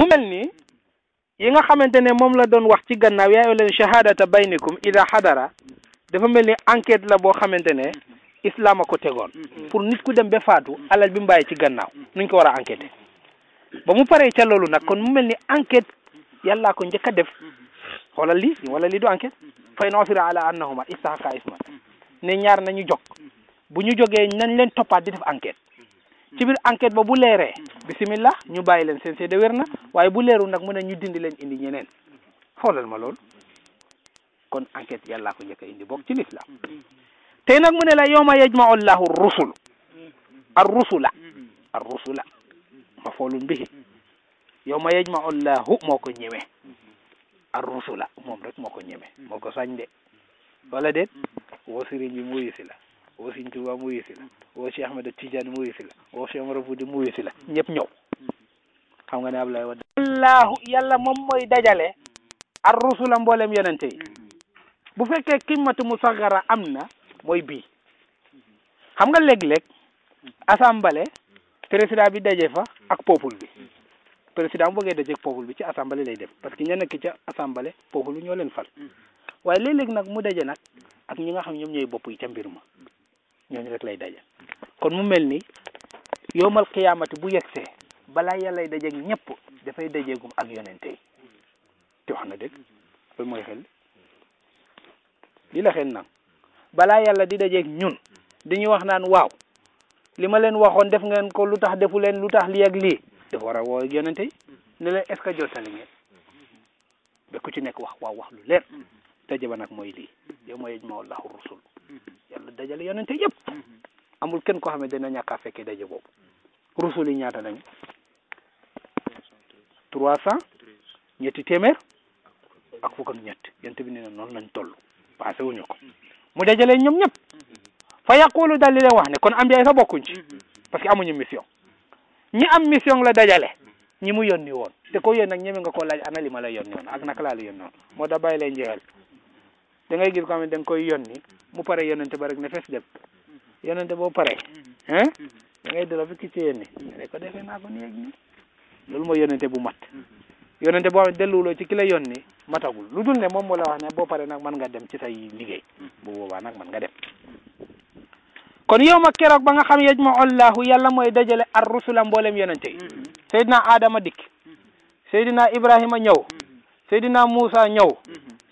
mu mel nii yi nga xamante ne moom la doon wax ci gannaaw yaayo leen shahadata baynikum ida xadara dafa mel ni enquête la boo xamante ne islam a ko tegoon pour nit ku dem ba faatu alal bi mu bàyyi ci gannaaw nuñ ko war a enquêté ba mu paree ca loolu nag kon mu mel ni enquête yàllaa ko njëkk a def xoolal lii wala lii du enquête fa in usira ala annahuma istahaqa isman ne ñaar nañu jog bu ñu jógee nañ leen toppaat di def enquête ci biir enquête ba bu leeree bismillah ñu bàyyi leen seen seede wér na waaye bu leerul nag mu ne ñu dindi leen indi ñeneen xoolal ma loolu kon enquête yàllaa ko njëkk indi bokk ci l'islam te nag mu ne la yawma yajma'u llahu rusul ar rusula ar rusula ma foolun ma yawma yajma'u llahu moo ko ñëwee ar rusula moom rek moo ko ñëwee moo ko sañ de wala déet woo sëriñ mu wuyu la woo Sëñ Tuubaa mu wuyu si la woo Cheikh Ahmed Tidiane mu wuyu la woo Cheikh Omar Fuuti mu wuyu la ñëpp ñëw xam nga ne Ablaye Wade allahu yàlla moom mooy dajale ar rusula mboolem yi bu fekkee mu sagara am na mooy bii xam nga léeg-léeg assemblée président bi dajee fa ak peuple bi président bu bëggee daje ak peuple bi ci assemblée lay dem parce que ña nekk ca assemblée peuple bi ñoo leen fal waaye léeg-léeg nag mu daje nag ak ñi nga xam ñoom ñooy bopp yi ca mbir ñooñu rek lay daje kon mu mel ni yowmal qiyaamati bu yegsee balaa yàllay dajeeg ñëpp dafay dajeegum ak yonente te wax na dëgg mooy xel li la xel balaa yàlla di dajeeg ñun dañuy wax naan waaw li ma leen waxoon def ngeen ko lu tax defu leen lu tax lii ak lii dafa war a woo ak yonente yi leen est-ce que jottali ngeen ba ku ci nekk wax waaw wax lu leer daje ba nag mooy lii yow mooy yëj ma wallahu rusul dajale yonente yëpp amul kenn koo xam ne dina ñàkk a fekkee daje boobu rusul yi ñaata lañu trois cent ñetti téeméer ak fukk ak ñett yonente bi nee na noonu lañ toll passé ko mu dajale ñoom ñëpp fa yaqulu daal di wax ne kon am jaay sa bokkuñ ci parce que amuñu mission ñi am mission la dajale ñi mu yónni woon te ko yónni nag ñeme nga koo laaj ana li ma la yónni woon ak naka laa la yónni woon moo tax bàyyi leen da ngay gis ko xam ne da koy yónni mu pare yónnante ba rek ne fees dem yónnante boo pare ah da ngay delloo ci yónni ne ko defee naa mooy yónnante bu mat yónnante boo xam ci ki la yónni matagul lu dul ne moom moo la wax ne boo pare nag mën nga dem ci say liggéey bu boobaa nag man nga dem kon yow ma keroog ba nga xam yej yajma allahu yàlla mooy dajale ar rusula mboolem yonente yi seydina adama dikk seydina ibrahima ñëw seydina moussa ñëw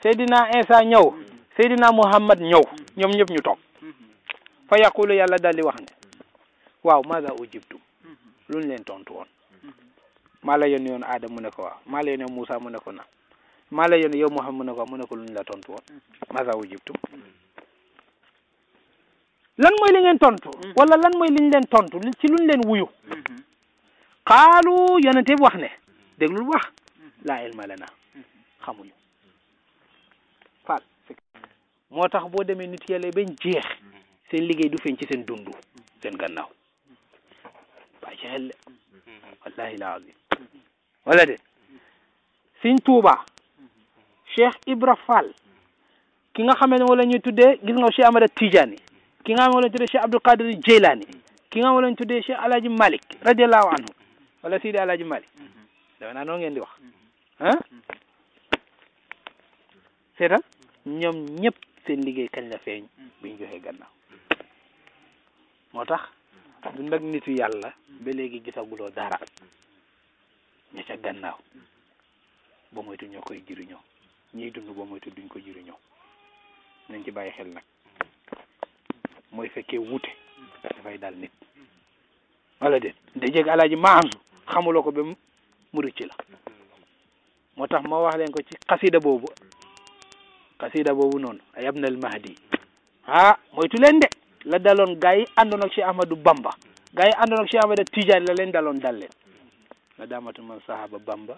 seydina insa ñëw Seydina Muhammad ñëw ñoom ñëpp ñu toog fa yaqulu yàlla daal di wax ne waaw maada ujibtum lu ñu leen tontu woon maa la yónni woon Aadama mu ne ko waaw maa la yónni woon Moussa mu ne ko na maa la yónni yow Muhammad mu ne ko waaw ne ko lu ñu la tontu woon maada ujibtum lan mooy li ngeen tontu wala lan mooy li leen tontu si lu leen wuyu xaalu yonente bi wax ne déglul wax laa ilma lana xamuñu moo tax boo demee nit yàlla bañ jeex seen liggéey du feeñ ci seen dund seen gannaaw bàyyi wallahi la azim wala de Sëñ Tuuba Cheikh Ibra Fall ki nga xamee ne moo la tuddee gis nga Cheikh Amada Tijaani ki nga xam ne moo la ñuy Abdul Qadir Jeylaani ki nga xam ne moo la ñuy tuddee Cheikh Alaaji Malik radiallahu anhu wala Sidi Alaaji Malik dafa naa noonu ngeen di wax ah seetal ñoom seen liggéey kañ la feeñ biñ joxee gannaaw moo tax du nit yàlla ba léegi gisaguloo dara ña ca gannaaw ba moytu ñoo koy jëriñoo ñiy dund ba moytu duñ ko jëriñoo nañ ci bàyyi xel nag mooy fekkee wuute dafay dal nit wala déet da jeg alaaji maandu xamuloo ko ba mu rëcc la moo tax ma wax leen ko ci xasida boobu xasida boobu noonu yabnal mahdi ah moytu leen de la daloon gaa yi àndoon ak Cheikh Ahmadou Bamba gaa yi àndoon ak Cheikh Ahmadou Tidiane la leen daloon dal leen la daamatu man sahaba Bamba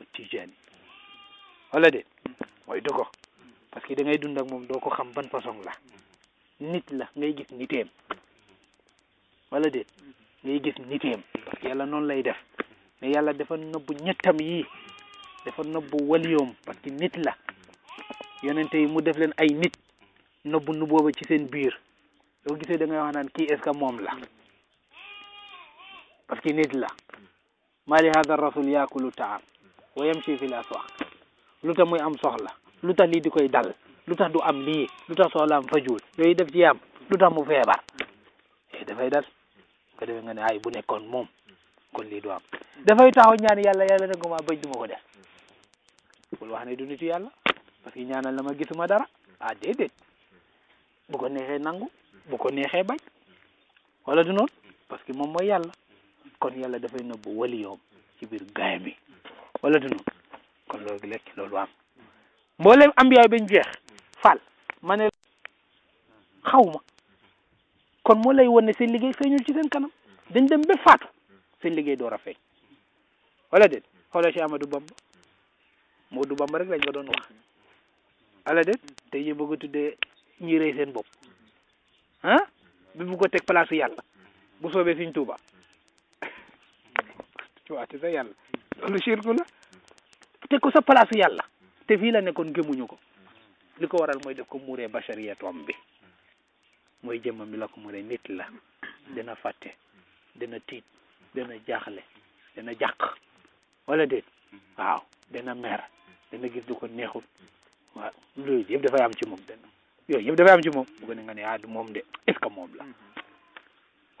wa Tidiane wala de moytu ko parce que da dund ak moom doo ko xam ban façon la nit la ngay gis niteem wala de ngay gis niteem parce que yàlla noonu lay def mais yàlla dafa nëbb ñettam yii dafa nëbb waliyoom parce que nit la yonente mu def leen ay nit nëbb nu booba ci seen biir doo gisee da ngay wax naan kii est-ce que moom la parce que nit la mali hada rasul yaakulu taam wa yamshi fi l aswaq lu tax muy am soxla lu tax lii di koy dal lu tax du am lii lu tax soxlaam fajuul yooyu def ci am lu tax mu feebar eh, dafay dal ko defee nga ne ay bu nekkoon moom kon lii du am dafay taxaw ñaan yàlla yàlla ne ko ma bëj ko def bul wax ne du nitu yàlla parce que ñaanal na ma gisuma dara hmm. ah déedéet hmm. bu ko neexee nangu hmm. bu ko neexee bañ wala du noonu parce que moom mooy yàlla kon yàlla dafay nëbb wali yoom ci biir gaay bi du noonu kon loolu lekk loolu am mboolem ambiyaay bañ jeex fal ma ne xaw ma kon moo lay won ne seen liggéey feeñul ci seen kanam dañ dem ba faatu seen liggéey door a feeñ wala déet xoolal ci Amadou Bamba Modou Bamba rek lañ ko doon wax wala déet te ñu bëgg a tuddee ñi rëy seen bopp ah bi bu ko teg place yàlla bu soobee suñ tuuba waate ko sa place yàlla te fii la nekkoon gëmuñu ko li ko waral mooy def ko muuree bachariyatom bi mooy jëmmam bi la ko muuree nit la dana fàtte dana tiit dana jaaxle dana jàq wala déet waaw dana mer dana gis du ko neexul waaw loolu yëpp dafay am ci moom benn yooyu yëpp dafay am ci moom bu ko ne nga ne ah du moom de est ce que moom la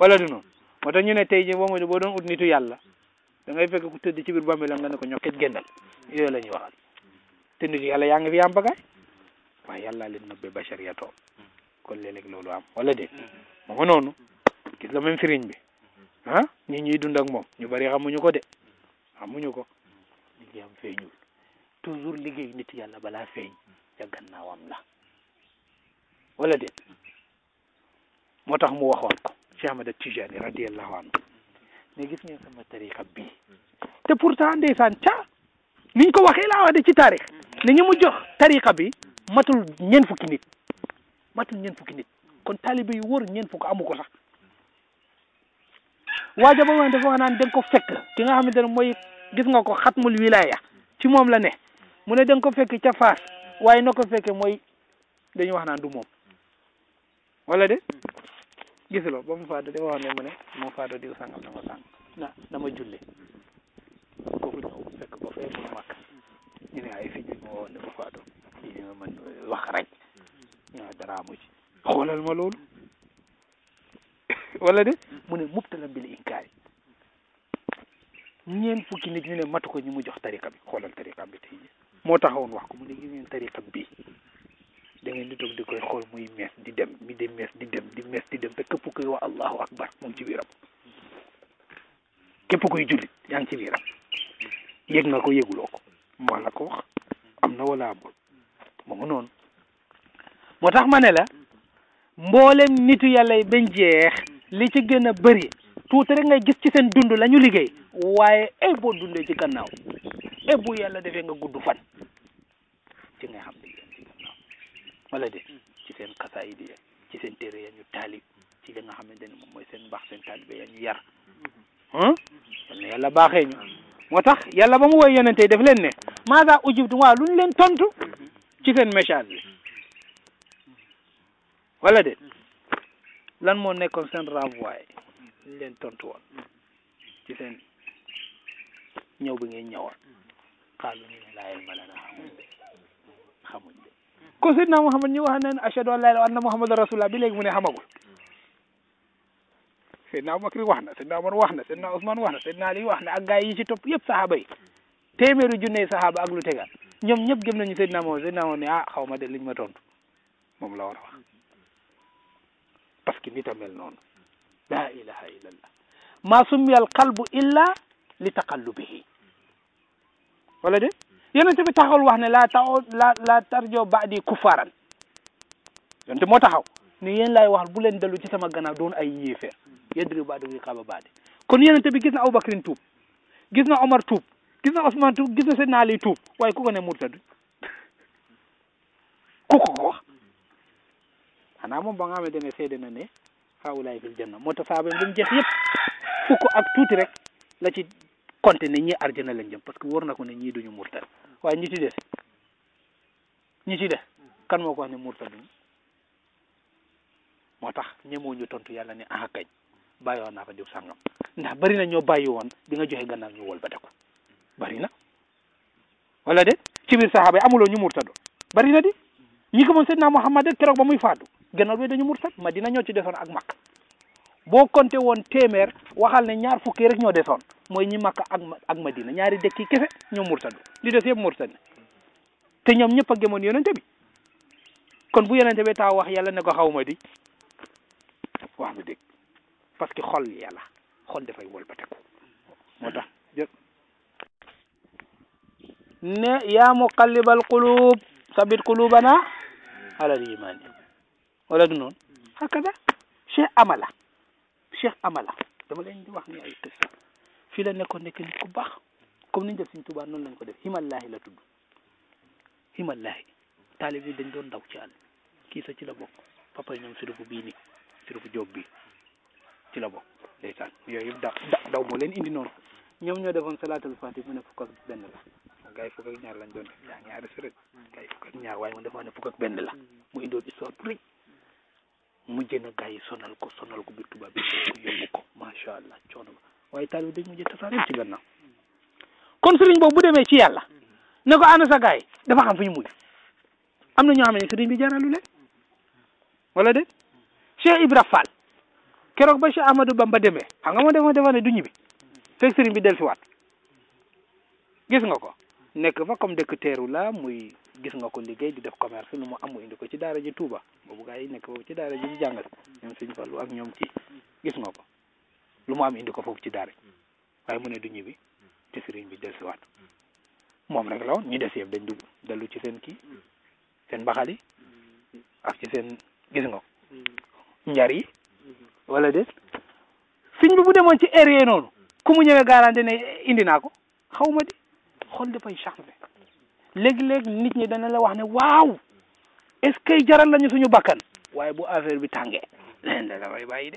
wala du noonu moo tax ñu ne tey jii boo mooy boo doon ut nitu yàlla da ngay fekk ku tëdd ci biir bàmmeelam nga ne ko ñokket génnal yooyu la ñuy waxal te nitu yàlla yaa ngi fi am bagaay waaye yàlla leen nëbbee bachar ya toog kon léeg-léeg loolu am wala de moo ma noonu gis la même sëriñ bi ah ñi ñuy dund ak moom ñu bari xamuñu ko de xamuñu ko li am feeñul toujours liggéey nit yàlla balaa feeñ ca gannaawam la wala déet moo tax mu waxoon ko Cheikh Ahmad Tijaani radiyallahu anhu ne gis ngeen sama tariqa bi te pourtant ndeysaan ca niñ ko waxee laa wax de ci taarix ne ñu mu jox tariqa bi matul ñeen fukki nit matul ñeen fukki nit kon taalibe yu wóor ñeen fukk amu ko sax waaja ba woon dafa ko fekk ki nga xamante ne mooy gis nga ko xatmul wilaya ci moom la ne mu ne da ko fekk ca waaye na ko fekke mooy dañu wax naan du moom wala de gisuloo ba mu faatu de wax ne mu ne moo faatu diw sangam dama sàng na dama julli kooku ñëw fekk ko fee mu màkk ñu ne ay fi moo woon ne mu faatu ñu ne man wax rek ñu ne dara amu xoolal ma loolu wala de mu ne mubtala bil inkaari ñeen fukki nit ñu ne matu ko ñu mu jox tarika bi xoolal tarika bi tey ji moo woon wax ko mu ne gis ngeen tariqa bii da ngeen di toog di koy xool muy mees di dem mi di mees di dem di mees di dem te képp koy wax allahu akbar moom ci biiram képp koy jullit yaa ngi ci biiram yëg nga ko yëguloo ko wax la ko wax am na wala amul moomu noonu moo tax ma ne la mboolem nitu yàlla yi bañ jeex li ci gën a bëri tuuti rek ngay gis ci seen dund lañu liggéey waaye ay eh, boo dundee ci gannaaw ay eh, yàlla defee nga gudd fan wala de ci seen xasaayid ya ci seen téere ya ñu taalib ci li nga xamante ne moom mooy seen mbaax seen taalibe ya ñu yar ah na yàlla baaxee ñu moo tax yàlla ba mu woy yonente def leen ne maasa ujibtu waa luñ leen tontu ci seen message bi wala de lan moo nekkoon seen renvoi luñ leen tontu woon ci seen ñëw bi ngeen ñëwoon xaalu ñu ne laa ilma lanaa ko Seydina Muhammad ñu wax naan ashhadu an laa anna Muhammadan rasulullah bi léegi mu ne xamagul Seydina Abubakar wax na Seydina Omar wax na Seydina Ousmane wax na Seydina Ali wax na ak gaay yi ci topp yëpp sahaaba yi téeméeru junne sahaaba ak lu tegal ñoom ñëpp gëm nañu Seydina Muhammad Seydina Muhammad ah xaw ma de liñ ma tontu la war a wax parce que nit a mel noonu laa ilaha illallah ma summiya al qalbu illa li taqallubihi wala de yonente bi taxawul wax ne laa taxaw la la tarjo baadi kuffaaran yonente moo taxaw ni yéen laay wax bu leen dellu ci sama gannaaw doon ay yéeféer yedri baadi wi xaba baadi kon yonente bi gis na Abubakrin tuub gis na Omar tuub gis na Osman tuub gis na Seydina tuub waaye ku ko ne murtadu ku ko ko wax xanaa moom ba nga xamante ne seede na ne xaawulaay fil janna moo tax saaba yi ba mu jeex yëpp ak tuuti rek la ci compté ne ñii arjana lañ jëm parce que wóor na ko ne ñii duñu murtad waaye ñi ci des ñi ci des kan moo ko wax ne murtad moo tax ñemoo ñu tontu yàlla ne ah bàyyi woon naa fa diw sangam ndax bari na ñoo bàyyi woon bi nga joxe gannaaw ñu wol ba ko bari na wala de ci biir saxaaba yi amuloo ñu murtado bari na di ñi gëmoon naa Muhammad rek keroog ba muy faatu gannaaw bi dañu murtad Madina ñoo ci desoon ak Makka boo compté woon téeméer waxal ne ñaar fukki rek ñoo desoon mooy ñi Makka ak ak Madina ñaari dëkk yi ñoom ñoo murtadu li des yëpp murtad te ñoom ñëpp a gëmoon yonente bi kon bu yonente bi taa wax yàlla ne ko xaw ma di wax nga dégg parce que xol yàlla xol dafay wolbateku moo tax ne yaa muqallibal qulub sabit qulubana alal iman wala du noonu hakada cheikh amala cheikh amala dama leen wax ni ay qissa fii la nekkoon nekk nit ku baax comme ni ñu def suñ Tuubaa noonu lañ ko def himallaahi la tudd himallaahi taalib yi dañ doon daw ci àll kii sa ci la bokk papa ñoom surufu bii nii surufu jóob bii ci la bokk ndeysaan yooyu yëpp da daw moo leen indi noon ñoom ñoo defoon salaatul fatih mu ne fukk ak benn la gars yi ñaar lañ doon def daa ñaari sërët gars yi fukk ñaar waaye mu defoon ne fukk ak la mu indoon histoire bu mu mujj na gars yi sonal ko sonal ko bi tubaab bi ko yóbbu ko macha allah coono waaye taalibe dañ mujj tasaare ci gannaaw kon sëriñ boobu bu demee ci yàlla ne ko ana sa gaay dafa xam fu ñu mujj am na ñoo xam ne bi jaralu leen de Cheikh Ibra Fall keroog ba Cheikh Amadou Bamba demee xam nga moo defa defa ne du ñibbi fekk sëriñ bi dellusiwaat gis nga ko nekk fa comme dëkk teeru muy gis nga ko liggéey di def commerce lu mu am mu indi ko ci daara ji Touba boobu gaa yi nekk boobu ci daara ji di jàngal ñoom suñ fallu ak ñoom ci gis nga ko lu mu am indi ko foofu ci daara mm. waaye mu ne du ñibbi mm. te bi dellusiwaat mm. moom rek la woon ñi des yëpp dañ dugg dellu ci seen kii seen mbaxal yi gis nga njar yi mm-hmm. wala déet sëñ bi bu demoon ci air noonu ku mu ñëwee garanti ne indi naa ko xaw ma di xool dafay changé léegi-léeg nit ñi dana la wax ne waaw est-ce que jaral lañu suñu bakkan waaye bu affaire bi tàngee leen da dafay bàyyi de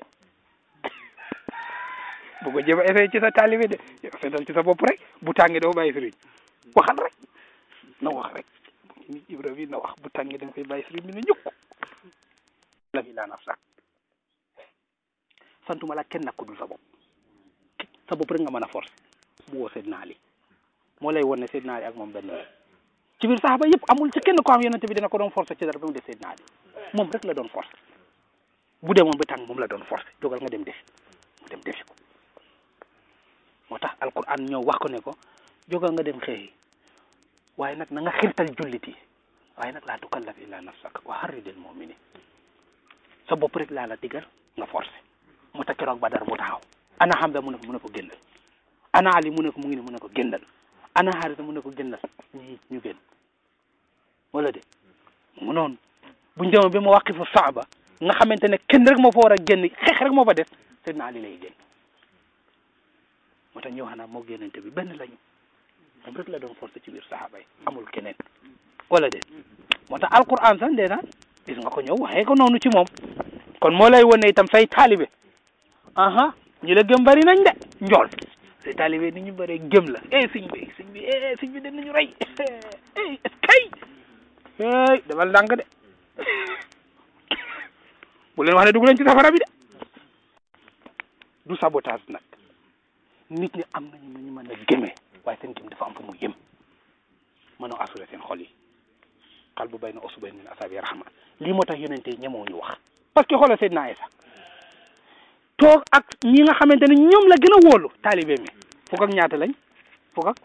bu ko a essayé ci sa taalibe de seetal ci sa bopp rek bu tàngee doo bàyyi sëriñ waxal rek na wax rek na wax bu tàngee da nga koy bàyyi sëriñ bi na ñukk la bi laa kenn nag ku sa bopp sa bopp rek nga a force woo seet naa li moo lay won ne naa ak moom benn ci biir saxaaba yëpp amul ci kenn ko am yonente bi dina ko doon forcé ci dara ba mu def seet naa moom rek la doon forcé bu demoon ba tàng moom la doon forcé dogal nga dem defi mu dem defi moo tax alquran ñoo wax ko ne ko jóga nga dem xeexi waaye nag na nga xirtal jullit yi waaye nag laa tukallaf illa nafsak wa harridil muminin sa bopp rek laa la digal nga forcé moo tax ba Badar mu taxaw ana Hamza mu ne ko mu ne ko génnal ana Ali mu ne ko mu ngi génnal ñu génn wala de mu noonu bu njëma bi ma waqifu saaba nga xamante ne kenn rek moo fa war a génn xeex rek moo fa des Seydina Ali lay génn moo tax ñëw xanaa moo yonent bi ben lañu moom rek la doon forcé ci biir saxaaba yi amul keneen wala déet moo tax alquran sax dee naan gis nga ko ñëw waxee noonu ci moom kon moo lay wane itam say taalibe aha ñu la gëm bari nañ de njool say taalibe ni ñu bëree gëm la eh sëñ bi sëñ bi eh sëñ bi dañ nañu rey eh kay eh demal de bu leen wax ne dugg leen ci safara bi du sabotage nag nit ñi am nañu nu ñu mën a gëmee waaye seen gëm dafa am fu mu yëm mënoo assuré seen xol yi xal bu bay na osu bay min asabi rahma lii moo tax yonente yi ñemoo wax parce que xoolal Seydina Isa toog ak ñi nga xamante ne ñoom la gën a wóolu taalibe mi fukk ak ñaata lañ fukk ak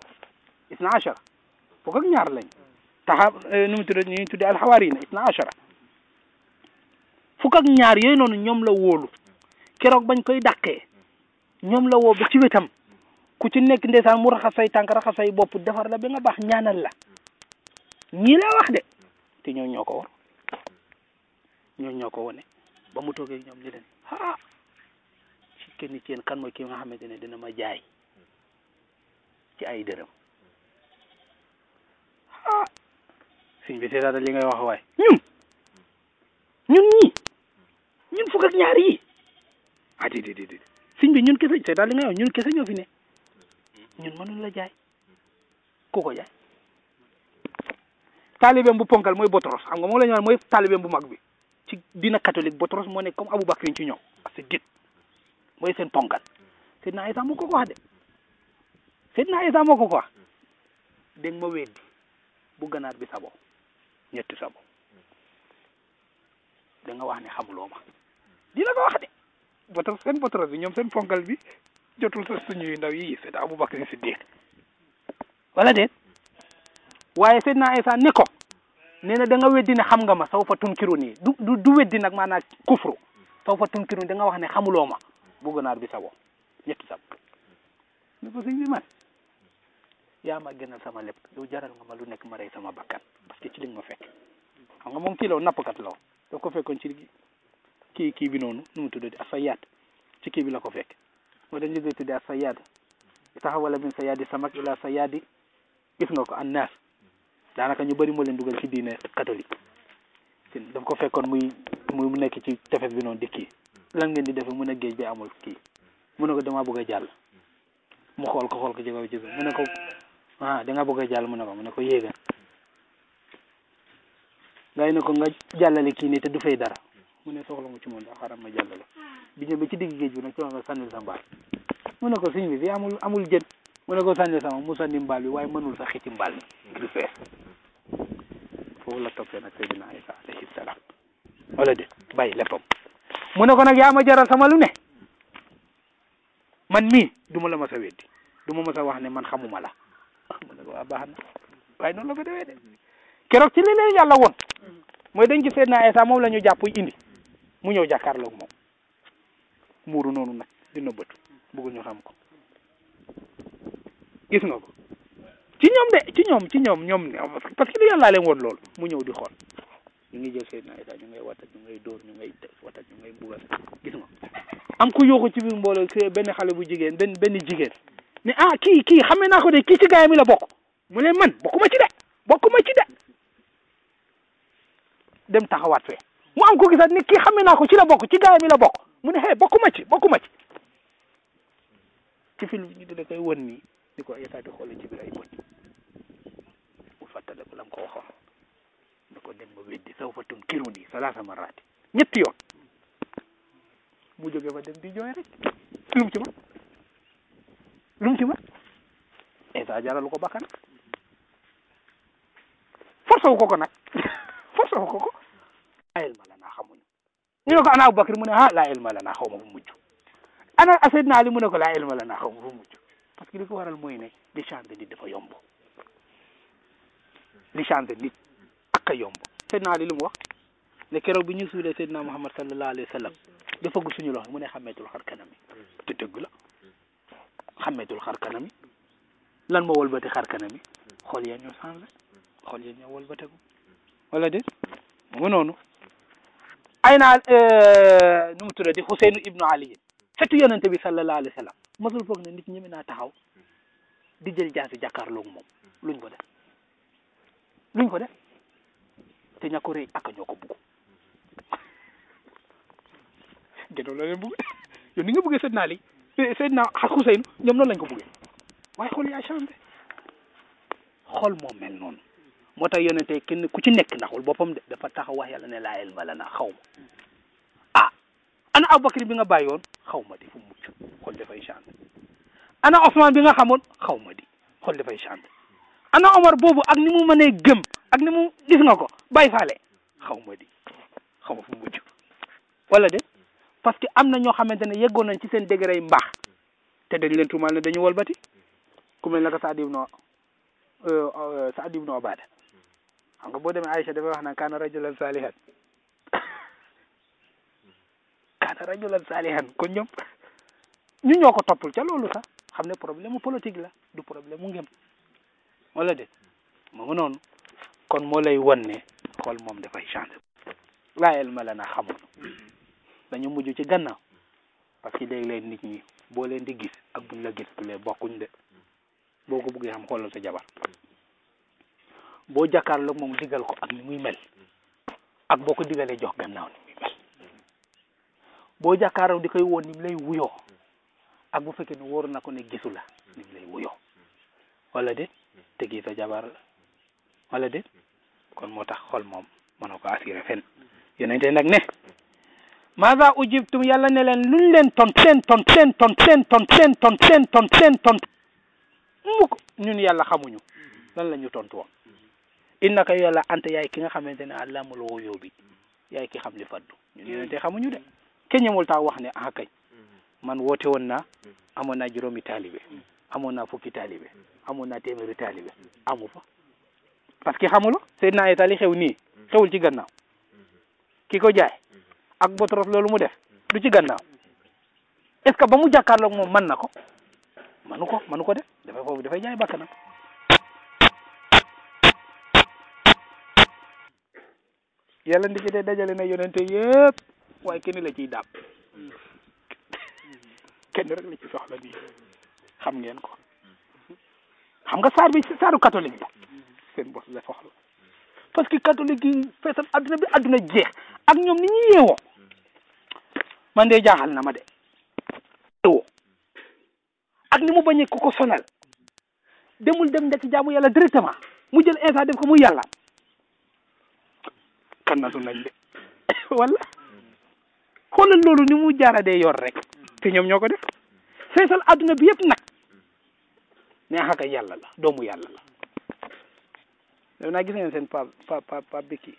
isna achara fukk ak ñaar lañ taxa eh, nu mu tudd ñu tuddee alxawaarina isna achara fukk ak ñaar yooyu noonu ñoom la wóolu keroog bañ koy dàqee ñoom la woo ci wetam ku ci nekk ndeysaan mu raxas say tànk raxas say bopp defar la ba nga baax ñaanal la ñii la wax de te ñoo ñoo ko war ñoo ñoo ko wone ba mu toogee ñoom ni leen ah ci kenn ci yéen kan mooy ki nga xamante ne dina ma jaay ci ay dërëm ah sëñ bi seetaatal ngay wax waay ñun ñun ñii ñun fukk ak ñaar yi ah déedéet déedéet sëñ bi kese seetaat li ngay kese ñoo fi ñun mënul la jaay ku ko jaay taalibeem bu ponkal mooy Botros xam nga moom la ñu naan mooy taalibeem bu mag bi ci dina catholique Botros moo ne comme Aboubacrine ci ñoom parce mooy seen ponkal Seydina Isa moo ko ko wax de Seydina Isa moo ko ko dégg ma weddi bu ganaar bi sabo ñetti sabo da nga wax ne xamuloo ma dina ko wax de Botros seen Botros bi ñoom seen ponkal bi jotul sax suñuy ndaw abu Seydina Aboubacar Siddiq wala déet waaye Seydina Isa ne ko nee na da nga weddi xam nga ma saw fa tunkiru nii du du du weddi nag maanaam kufru saw fa tunkiru nii da nga wax ne xamuloo ma bugg naar bi saboo ñetti sab ne ko sëñ bi man yaa ma gënal sama lépp yow jaral nga ma lu nekk ma rey sama bakkan parce ci li nga ma fekk xam nga moom kii law nappkat law doo ko fekkoon ci kii kii bi noonu nu mu tuddati afayaat ci kii bi la ko fekk moo dañ liggéey tuddee ak sayaad taxawala min sayaadi samak ila sayaadi gis nga ko annaas daanaka ñu bari moo leen dugal ci diine catholique sin daf ko fekkoon muy muy mu nekk ci tefes bi noonu dikki lan ngeen di def mu a géej bi amul kii mun ne ko damaa bëgg a jàll mu xool ko xool ko ci kaw ci mu ko ah da nga bëgg a jàll mu ne ko mu ne ko yéegal ngay ne ko nga jàllale kii nii te du fay dara mu ne soxla mu ci moom xaaral ma jàll la bi ñëw ba ci digg géej bi nag ci la nga sànnil sa mbaal mu ne ko sëñ bi fii amul amul jën mu ne ko sànnil sama mu sànni mbaal bi waaye mënul sa xëcc mbaal bi ngir fees foofu la toppee nag Seydina Isa alayhi salaam wala de bàyyi léppam mu ne ko nag yaa ma jaral sama lu ne man mii duma la ma a weddi du ma mas wax ne man xamuma la mu ne ko waa baax na waaye noonu la ko defee de keroog ci li leen yàlla woon mu ñëw jàkkaarloog moom muuru noonu nag di nëbbatu bëggul ñu xam ko gis nga ko ci ñoom de ci ñoom ci ñoom ñoom parce que li yàllaa leen woon loolu mu ñëw di xool ñu ngi jël Seydina Isa ñu ngay watat ñu ngay dóor ñu ngay watat ñu ngay bugal gis nga am ku yuuxu ci biir mbooloo see benn xale bu jigéen benn benn jigéen ne ah kii kii xamee naa ko de kii ci gaay mi la bokk mu ne man bokkuma ci de bokkuma ci de dem taxawaat fee mu am ko ni kii xame naa ko ci la bokk ci gaay mi la bokk mu ne xee bokkuma ci bokkuma ci ci film bi ñu nii ni ko état bi xoole ci biir ay bët bu fàttale ko lam ko waxoon da ko dem ba weddi saw fa tun kiru nii salaasa maraati ñetti mu jóge fa dem di jooy rek lu mu ci man lu mu ci man état jaralu ko bakkan force wu ko ko علم لنا خمون نيوك أنا أبو بكر منا لا علم لنا خمون مجو أنا أسيدنا علي منا لا علم لنا خمون مجو بس كده كوار الموينة لشان ذي دفع يومبو لشان ذي أكا يومبو سيدنا علي لم وقت نكرو بنيو سيدنا سيدنا محمد صلى الله عليه وسلم دفع سنو الله منا خميت الخر كنامي تتقل خميت الخر كنامي لن ما ولبت خر كنامي خليني وسانزه خليني ولبتكم ولا دي منونو ay naa euh, nu mu tuddati Xuseynu ibnu Ali setu yonente bi ne nit ñi naa taxaw di jël jaasi jàkkaarloog moom luñ ko def luñ ko def te ña ko rëy ak ñoo ko bugg gënoo la leen bugg yow ni nga buggee Seydina Ali Seydina Xuseynu ñoom noonu lañ ko buggee waaye xool yaa noonu. moo tax yonente kenn ku ci nekk ndaxul boppam de dafa taxaw wax yàlla ne laa ilma lana xaw ma ah ana Abubakar bi nga bàyyoon xaw ma di fu mucc xol dafay changé ana Osman bi nga xamoon xawma di xol dafay changé ana Omar boobu ak ni mu mënee gëm ak ni mu gis nga ko bàyyi faale xaw ma di xaw ma fu mucc wala de parce que am na ñoo xamante ne yeggoon nañ ci seen degré mbaax te dañ leen tuumaal na dañu walbati ku mel ne que Saad ibnu euh, euh, Saad ibnu xam nga boo demee Aïcha dafay wax na kaana rajulan salihan kaana rajulan salihan ko ñoom ñu ñoo ko toppul ca loolu sax xam ne problème mu politique la du problèm mu ngëm wala de moomu noonu kon moo lay won ne xool moom dafay changer laa ilma lanaa xamul dañu mujj ci gannaaw parce que léeg-léeg nit ñi boo leen di gis ak buñ la gis bu leen bokkuñ de boo ko bëggee xam xoolal sa jabar boo jàkkaarloog moom digal ko ak ni muy mel ak boo ko digalee jox gannaaw ni muy mel boo jàkkaarloog di koy woon ni mu lay wuyoo ak bu fekkee ne woor na ko ne gisu la ni mu lay wuyoo wala déet te gii sa jabar la wala de kon moo tax xol moom mëna ko assuré fen yonente nag ne maasa ujibtum yàlla ne leen luñ leen tont leen tont leen tont leen tont leen tont leen tont leen tont mukk ñun yàlla xamuñu lan la ñu tontu woon innaka yàlla anta yaay ki nga xamante ne àllamul ghuyubi yaay ki xam ne faddu ñu hmm. yonente xamuñu de kenn ñemul taa wax ne ah kay hmm. man woote woon naa hmm. amoon naa juróomi taalibe amoon naa fukki taalibe amoon naa téeméeri taalibe amu fa parce que xamuloo Seydina Issa li xew nii xewul ci gannaaw ki ko jaay ak Botros loolu mu def du ci gannaaw est-ce que ba mu jàkkaarloog moom man na ko man manu ko manu ko def dafay foofu dafay jaay bakkanam ndike de dajale na yonente yeb way kene la ci dab hmm. kene rek la ci soxla bi xam ngeen ko xam nga sar bi ci saru catholique seen bos la soxla parce que catholique yi feesal adduna bi aduna jeex ak ñom ni ñi yeewoo man de jaxal na ma de yeewoo ak ni mu bañe ko ko sonal demul dem nda ci jaamu yàlla directement mu jël état def ko mu yalla kannasu nañ de wala xoolal loolu ni mu jaaradee yor rek te ñoom ñoo ko def feesal adduna bi yëpp nag mais yàlla la doomu yàlla la daf naa gis seen pa pa pa pa bikki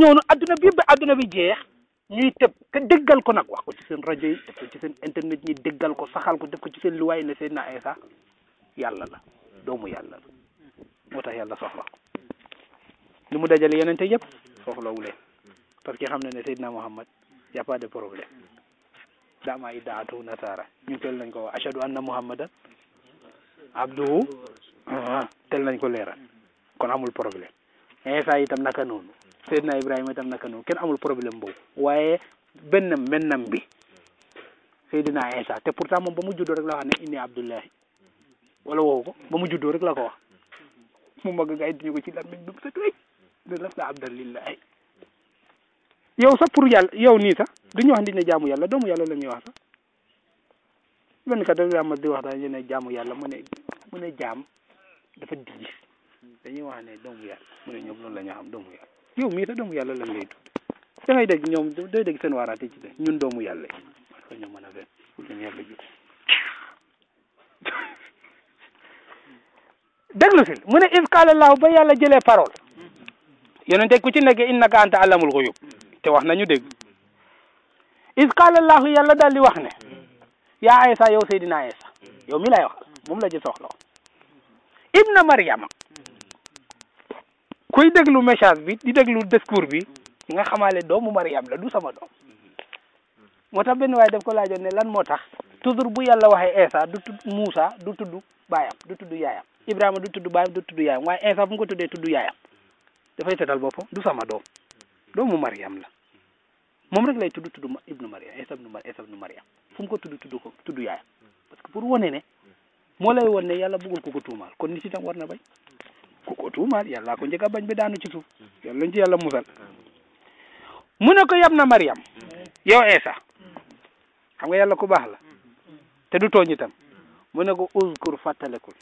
ñoonu adduna bi jeex ñuy tëb te dëggal ko nag wax ko ci seen rajo yi def ko ci seen internet ñi déggal ko saxal ko def ko ci seen luwaay ne seen na ay sax yàlla la doomu yàlla la moo tax yàlla soxla ko li mu dajale yeneen te yëpp soxlawu leen parce que xam na ne Seydina Muhammad y a pas de problème dama iddaatu nasara ñu tel nañ ko wax ashadu anna muhammadan abduhu tel nañ ko leeral kon amul problème Isa itam naka noonu Seydina Ibrahima itam naka noonu kenn amul problème boobu waaye bennam bennam bi Seydina Isa te pourtant moom ba mu juddoo rek la wax ne inni abdullahi wala woowu ko ba mu juddoo rek la ko wax mu mag a gaa yi duñu ko ci lan lañ dum sa tuwéj dina abdalillahi yow sax pour yàlla yow nii sax du ñu wax nit ne jaamu yàlla doomu yàlla la ñuy wax sax benn kat dañuy amat di wax daal ñu ne jaamu yàlla mu ne mu ne jaam dafa dijji dañuy wax ne doomu yàlla mu ne ñoom loolu la ñu xam doomu yàlla yow mii sax doomu yàlla lañ lay tudd da ngay dégg ñoom day dégg seen waaraate ci de ñun doomu yàlla yi kon ñu mën a leen pour ñu yàlla ji déglu si mu ne is qaala llaahu ba yàlla jëlee parole yonente ku ci nekk innaka anta allamul xuyub te wax nañu dégg is qaala allahu yàlla daal di wax ne yaa Aysa yow Seydina Aysa yow mi lay wax moom la ci soxla ibna Maryama kuy déglu message bi di déglu discours bi di nga xamaale doomu Maryam la du sama doom moo tax benn waaye daf ko laajoon ne lan moo tax toujours bu yàlla waxee Isa du tu Moussa du tudd baayam du tudd yaayam Ibrahima du tudd baayam du tudd yaayam waaye Isa bu mu ko tuddee tudd yaayam dafay tetal boppam du sama doom doomu Mariam la moom rek lay tudd tudd ibnu Mariam Isa ibnu Mariam Isa ibnu Mariam ko tudd tudd ko tudd yaayam parce que pour wane ne moo lay wan ne yàlla bëggul ko tuumaal kon nit itam war na bañ ku ko tuumaal yàlla ko njëkk a bañ bi daanu ci suuf yàlla lañ ci musal mu ne ko yab na Mariam yow Isa xam nga yàlla ku baax la te du tooñ itam mu ne ko uzkur fàttalekul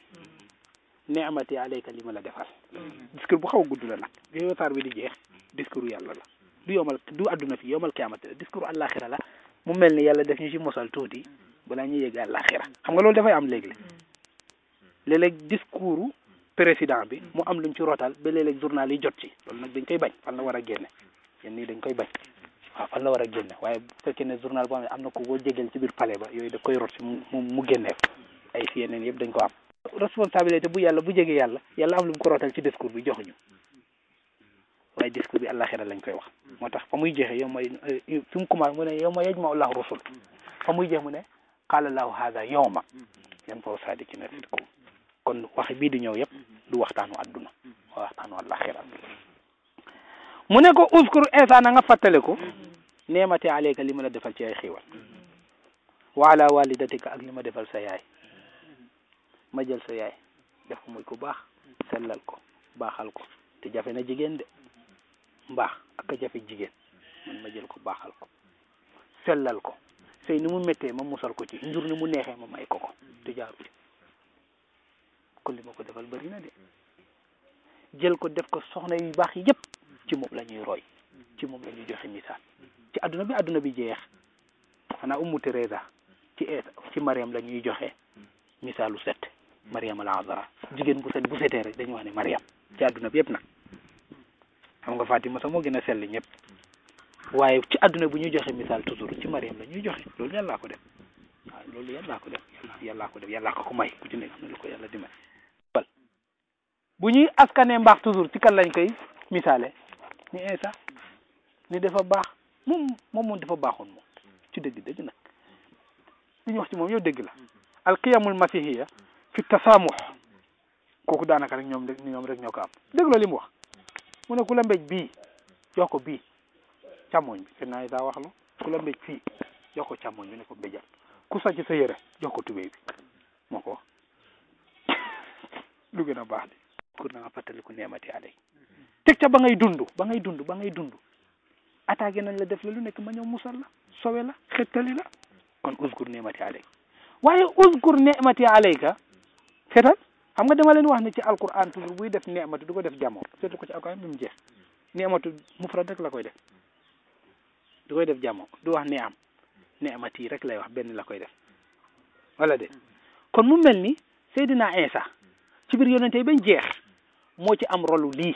neamati alayka li ma la defal mm-hmm. discours bu xaw a gudd la nag yooyu wataar bi di jeex discours yàlla la du yomal du àdduna fi yomal kiyaamati la discours àllaaxira la mu mel ni yàlla def ñu ci mosal tooti balaa ñuy yegg àllaaxira xam nga loolu dafay am léegi léeg-léeg mm-hmm. discours président bi mu am luñ ci rotal ba léeg-léeg journal yi jot ci loolu nag dañ koy bañ fan la war a génne yéen nii dañ koy bañ waaw fan la war a génne waaye bu fekkee ne journal boo xam ne am na ko ci biir palais ba yooyu da koy rot si mu mu génneef ay yëpp dañ ko am responsabilité bu yàlla bu jege yàlla yàlla am lu mu ko rotal ci discours bi joxuñu ñu waaye discours bi àllaaxira lañ koy wax moo tax fa muy jeexee yow mooy fi mu commencé mu ne yow ma yajma'u llaahu rasul fa muy jeex mu ne qaala llaahu haazaa yawma ci saadiqiina ko kon wax bii di ñëw yëpp du waxtaanu adduna waa waxtaanu àllaaxira mu ne ko uskuru Insa na nga fàttale ko neemati aleyka li ma la defal ci ay xiiwal wa ala walidatika ak li ma defal sa yaay ma jël sa yaay def ko muy ku baax sellal ko baaxal ko te jafe na jigéen de mbaax ak a jafe jigéen man ma jël ko baaxal ko sellal ko sëy ni mu méttee ma musal ko ci njur ni mu neexee ma may ko ko te jaaru ci kon li ma ko defal bëri na de jël ko def ko soxna yu baax yëpp ci moom la ñuy roy ci moom lañuy joxe misaal ci adduna bi adduna bi jeex xanaa Ummu Teresa ci ci Mariam la ñuy joxe misaalu set Mariama la Azara jigéen bu set bu setee rek dañu wax ne Mariam ci àdduna yëpp nag xam nga Fatima sax moo gën a sell ñëpp waaye ci àdduna bu ñuy joxe misaal toujours ci Mariam la ñuy joxe loolu yàllaa ko def waaw loolu yàllaa ko def yàllaa ko def yàllaa ko ko may ku ci nekk xam lu ko yàlla di may bal bu ñuy askanee mbaax toujours ci kan lañ koy misaale ni Insa ni dafa baax moom moom moom dafa baaxoon moom ci dëgg dëgg nag li ñu wax ci moom yow dëgg la alqiyamul masihiya fi tasaamux kooku daanaka rek ñoom ñoom rek ñoo ko am dégg li mu wax mu ne ku la mbéj bii jox ko bii càmmoñ bi seen naa daa wax la ku la mbéj fii jox ko càmmoñ bi ne ko mbéjal ku sàcc sa yére jox ko tubéy bi moo ko wax lu gën a baax li kur na nga fàttaliku neemati alay teg ca ba ngay dund ba ngay dund ba ngay dund attaqué nañ la def la lu nekk ma ñëw musal la sowe la xettali la kon uskur neemati alay waaye uskur neemati alayka seetal xam nga dama leen wax ne ci alquran toujours buy def neematu du ko def jamoo seetal ko ci alquran bi mu jeex neematu mufrad rek la koy def du def jamoor du wax ne am neemati rek lay wax benn la koy def wala de kon mu mel ni Seydina Insa ci biir yonente ba bañ jeex moo ci am rolu lii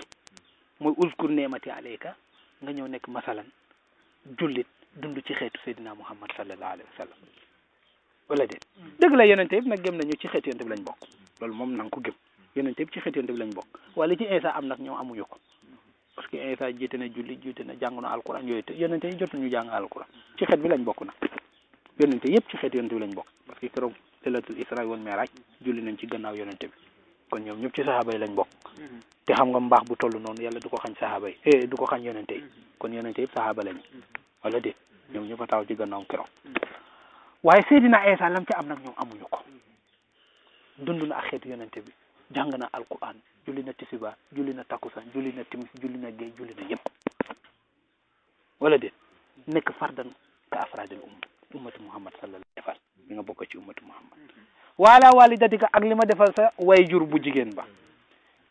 mooy uskur neemati aleyka nga ñëw nekk masalan jullit dund ci xeetu Seydina Muhammad sallallahu alayhi wa sallam wala de mm. dëgg la yonente yëpp nag gëm nañu ci xeetu yonente lañ bokk loolu moom na ko gëm hmm. yonente bi ci xeet yonente bi lañ bokk wala ci Isa am nag ñoom amuñu ko hmm. parce que Isa na julli jiite na jàng na alquran yooyu te yonente yi jotuñu jàng alquran ci xeet bi lañ bokk nag yonente yëpp ci xeet yonente bi lañ bokk parce que keroog lelatul isra woon meraaj julli nañ ci gannaaw yonente bi kon ñoom ñëpp ci saxaaba yi lañ hmm. te xam nga mbaax bu toll noonu yàlla du ko xañ saxaaba yi eh du ko xañ yonente yi kon yonente yëpp saxaaba lañ wala déet ñoom ñëpp a taw ci gannaaw keroog waaye Seydina Isa lam ci am nag ñoom amuñu dund na ak xeetu yonente bi jàng na alquran julli na tisibaar julli na takkusaan julli na timis julli na géej julli na yëpp wala déet nekk fardan ka afradil umma ummati muhammad sallallahu defal li nga bokk ci ummati muhammad waala walidatika ak li ma defal sa way jur bu jigéen ba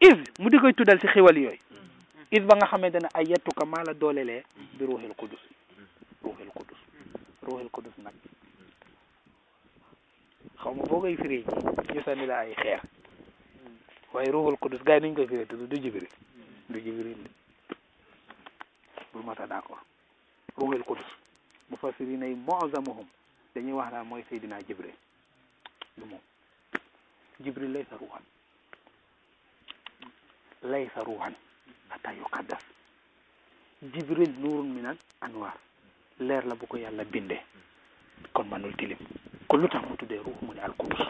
is mu di koy tuddal si xiwal yooy is ba nga xamante ne ay yettuka maa la doolelee bi ruuxil qudus ruuxil qudus ruuxil qudus nag xaw ma foo koy firee ji ñu sànni la ay xeer waaye ruuxul qudus gars yi nañu koy firee tudd du jibril du jibril bul masa d'accord ruuxul qudus mufassirin ay muazamuhum dañuy wax naan mooy seydina jibril du moom jibril lay sa ruuxan lay sa ruuxan hatta yuqaddas jibril nuurun minan anwaar leer la bu ko yàlla bindee kon manul tilim kon lu tax mu tuddee ruux mu ne alqudus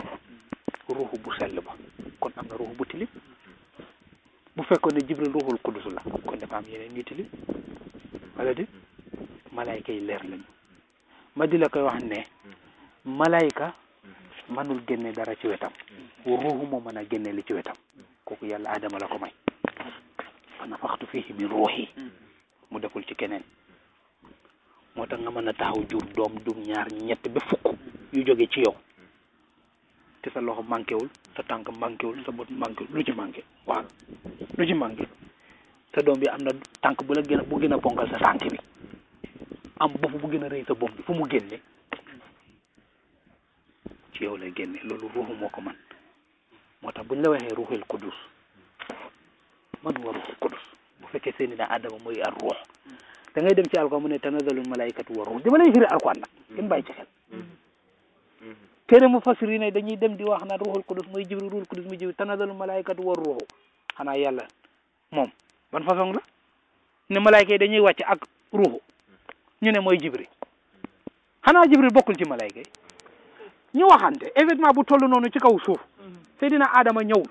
ruuxu bu sell ba kon am na ruux bu tilim bu fekkoon ne jibril ruuxul qudus la kon dafa am yeneen yu tilim wala di malayka yi leer lañu ma di la koy wax ne malayka manul génne dara ci wetam ruuxu moo mën a génne li ci wetam kooku yàlla adama la ko may fa nafaxtu fiihi min ruuxi mu deful ci keneen moo tax nga mën a taxaw jur doom dum ñaar ñett ba fukk yu jóge ci yow te sa loxo manqué wul sa tànk manqué wul sa bët manqué lu ci manqué waaw lu ci manqué sa doom bi am na tànk bu la gën a bu gën a ponkal sa tànk bi am bopp bu gën rëy sa bopp bi fu mu génne ci yow lay génne loolu ruuxu moo ko man moo tax bu ñu la waxee ruuxul kudus man wa ruuxul kudus bu fekkee seeni na adama mooy ar ruux da ngay dem ci alquran mu ne tanazalul malaikatu wa ruux dama lay firi alquran nag ngeen bàyyi ci xel téere mu fasiri ne dañuy dem di wax naan ruuxul qudus mooy jibril ruuxul qudus mooy jibril tanazalul malaayikatu war ruuxu xanaa yàlla moom ban façon la ne malaayika dañuy wàcc ak ruuxu ñu ne mooy jibril xanaa jibril bokkul ci malaayika yi ñu waxante événement bu toll noonu ci kaw suuf Seydina Adama ñëwul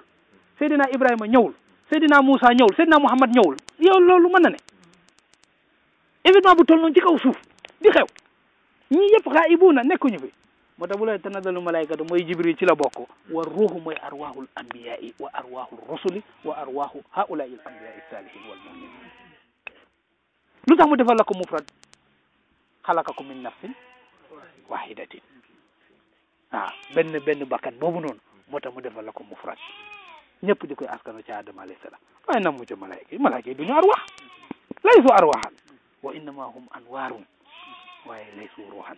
Seydina Ibrahima ñëwul Seydina Moussa ñëwul Seydina Muhammad ñëwul yow loolu mën na ne événement bu toll noonu ci kaw suuf di xew ñii yëpp xaa ibu na nekkuñu fi moo tax bu la tanazzalu malaykatu mooy jibril ci la bokk wa ruuhu mooy arwaahul anbiyaa'i wa arwaahul rusuli wa arwaahu haulaa'i al anbiyaa'i saalihin wal muminin lu mu defal ko mufrad xalaqakum min nafsin wahidatin waaw benn benn bakan boobu noonu moo mu defal la ko mufrad ko di koy askano ca adama alayhi salaam waaye nam mu ca malayka yi malayka laysu arwaaxan wa innama hum anwaarun waaye laysu ruuxan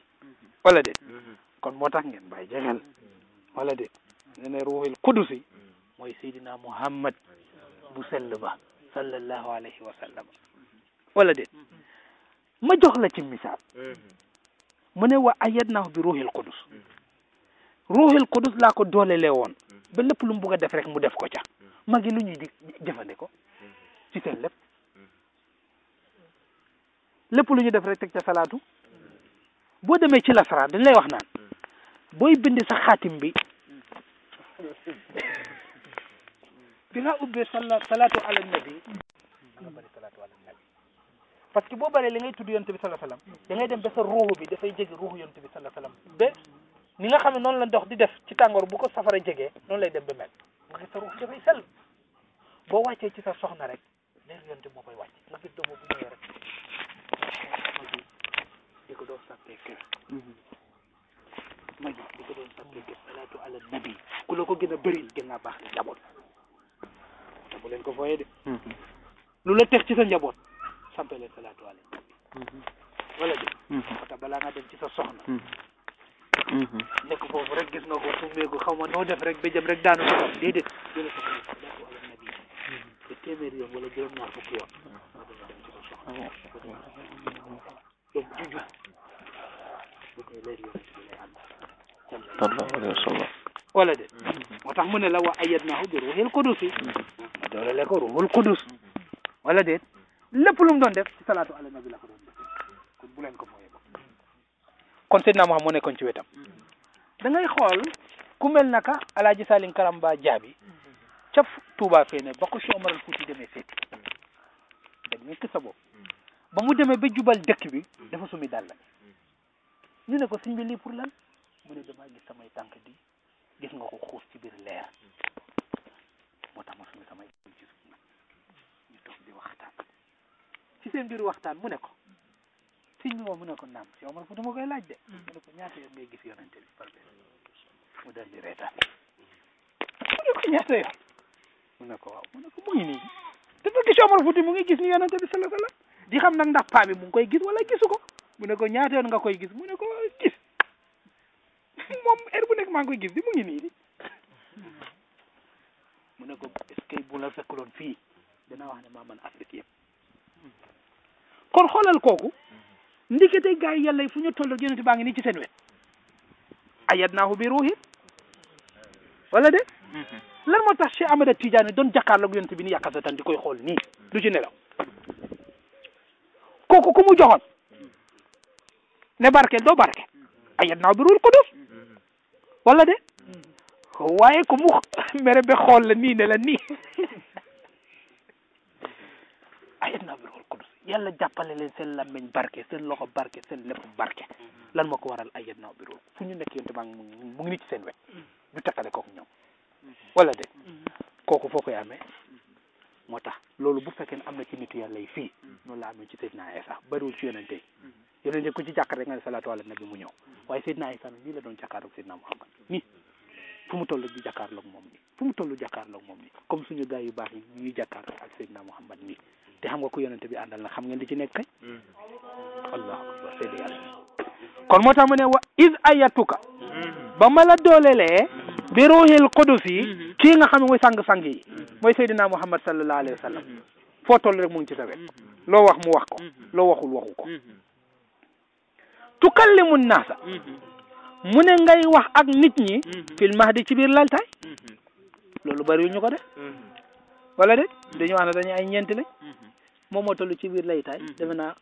wala déet mm-hmm. kon moo tax ngeen bàyyi ci mm. wala déet nee na ruuxil qudusi mooy Seydina Muhammad bu sell ba sallallahu alayhi wa sallam wala déet ma jox la ci misaal mm-hmm. mu ne wa ayyadnaahu bi ruuxil qudus ruuxil qudus laa ko doolele woon ba lépp lu mu bugg a def rek mu def ko ca mm-hmm. ma ngi lu ñuy di jëfandikoo mm-hmm. ci seen lépp lu ñu def rek teg ca salaatu boo demee ci lasaraan dañ lay wax naan booy bind sa xaatim bi bi nga ubbee sala salaatu ala nabi nga bëri salaatu parce que boo bëree li ngay tudd yonent bi sala sallam da ngay dem ba sa ruuxu bi dafay jege ruuxu yonent bi sala sallam ba ni nga xam ne noonu la ndox di def ci tàngoor bu ko safara jegee noonu lay dem ba mel nga gis sa ruuxu dafay sell boo wàccee ci sa soxna rek leer yonent koy wàcc ko doo maju di ko doon la ko gën a bëril gën naa baax sa njaboot te ko fooyee de hmm. lu la tex ci sa njaboot sampele salaatu ala nabi hmm. wala de wata hmm. balaa nga dem ci sa soxna nekk foofu rek gis nga ko xaw ma noo def rek ba jëm ko xam déedéet jëla ko salaatu ala nabi te téeméeri yoon wala juróom ñaar fukki yoon donc sallallahu alayhi de moo tax mu ne la wax ayyadnaahu bi ruuhil qudus yi ma doolale ko wala de lépp lu doon def ci salaatu ala nabi la ko doon def kon bu leen ko fooyee ko kon Seydina Muhammad moo nekkoon ci wetam da ngay xool ku mel naka alaaji Salim Karamba Jaabi caf Touba fee ba ko Cheikh Omar ci Fouti demee seeti dañuy kisa boobu ba mu demee ba jubal dëkk bi dafa sumi dàll ñu ne ko sëñ bi lii pour lan mu ne damaa gis samay tànk di gis nga ko xuus ci biir leer moo tax ma suñu samay ci suuf di waxtaan ci seen waxtaan mu ne ko sëñ bi moom mu ne ko naam si Omar fu koy laaj de mu ne ko ñaata yoon ngay gis yonente bi par mu dal di mu ne ko ñaata yoon mu ne ko waaw mu ne ko mu ngi nii dafa gis Omar Fuuti gis ni yonente bi sallallahu alayhi di xam nag ndax paa mu koy gis wala gisu ko mu ne ko ñaata yoon nga koy gis mu ne ko gis moom heure bu nekk maa ngi koy gis di mu ngi nii mu ne ko est-ce que bu la fekkuloon fii dana wax ne maa man Afrique yëpp kon xoolal kooku ndikete gars yi yàlla yi fu ñu toll yonent baa ngi nii ci seen wet ayat naahu bi ruuhi wala de mm-hmm. lan moo tax Cheikh Ahmada Tidiane doon jàkkaarloog yonent bi ni yàkkasatan di koy xool nii du ci nelaw kooku ku mu joxoon ne barkel doo barke ayat naa durul qudus wala de waaye ku mu mere be xool la nii ne la nii ayat naa durul qudus yàlla jàppale leen seen làmmiñ barke seen loxo barke seen lépp barke lan moo ko waral ayat naa durul fu ñu nekk yéen tamit mu ngi ni ci seen wet du takkale kook ñoom wala de kooku foo koy amee moo tax loolu bu fekkee ne am na ci nitu yàlla yi fii noonu la amee ci Seydina Isa bariwul ci yonente yi dina ne ku ci jàkkaar rek nga ne salaatu ala nabi mu ñëw mu toll di jàkkaarloog moom nii fu mu toll jàkkaarloog moom nii comme suñu gars yu baax yi ñuy jàkkaarloog ak Seydina Muhammad nii te xam nga ku yonente bi àndal na xam ngeen li ci nekk kay allahu akbar seede yàlla kon moo tax mu ne wa is ayatuka ba ma la doolelee bi ruuhil qudus yi kii nga xam ne mooy sang-sang yi mooy Seydina Muhammad sallallahu alayhi wa sallam foo toll rek mu ngi ci sa wet loo wax mu wax ko loo waxul waxu tukallimu naasa mm-hmm. mu ne ngay wax ak nit ñi mm-hmm. fil mahdi ci biir laltaay mm-hmm. loolu yu ñu ko def wala de dañu wax ne dañu ay ñeenti lañ moom moo toll ci biir laytaay defe naa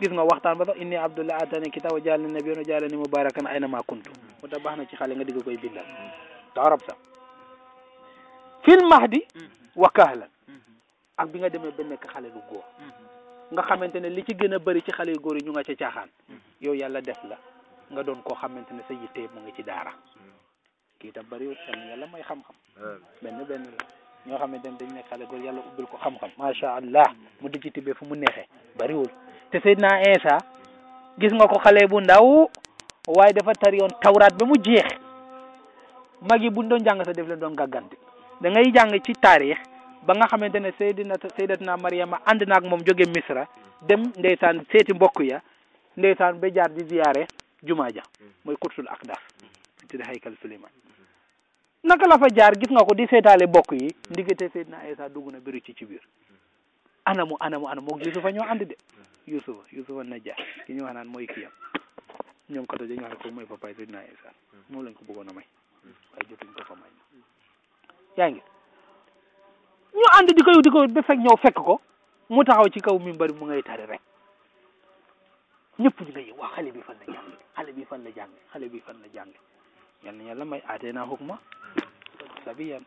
gis nga waxtaan ba sax inni abdullah atani kitaba jaal ni nabiyoon jaal ni mubarakan ayna ma kuntu moo tax baax na ci xale nga digg koy bindal da arab sax fil mahdi wa ak bi nga demee ba nekk xale bu ko nga xamante ne li ci gën a bëri ci xale yu góor yi ñu nga ca caaxaan yow yàlla def la nga doon koo xamante ne sa yittee mu ngi ci daara kii tam bëriwul yàlla yàlla may xam-xam benn benn la ñoo xamante ne dañ nekk xale góor yàlla ubbil ko xam-xam macha allah mu di ci tibbee fu mu neexee bëriwul te Seydina Insa gis nga ko xale bu ndaw waaye dafa tar yoon tawraat ba mu jeex mag yi bu doon jàng sa def leen doon gàggante da jàng ci taarix ba nga xamante ne Seydina Seydatuna Mariama ànd naag moom joge Misra dem ndeysaan seeti mbokk ya ndeysaan ba jaar di ziyaare jumaa ja mooy kursul akdas tudde haykal Suleymaan naka la fa jaar gis nga ko di seetaale bokk yi ndiggante Seydina Isa dugg na biru ci ci biir anamu anamu anamu moog Yusufa ñoo ànd de Yusufa Yusufa Najjar ki ñu wax naan mooy kiyam ñoom kata dañu wax ko mooy papaay Seydina Isa moom lañ ko bëggoon a may waaye jotuñ ko fa may ñu ànd di ko di ko ba fekk ñëw fekk ko mu taxaw ci kaw mi mbari mu ngay tari rek ñëpp ñu ngay wax xale bi fan la jàng xale bii fan la jàng xale bi fan la jàng yal na yàlla may aateenaa hukma sabiyan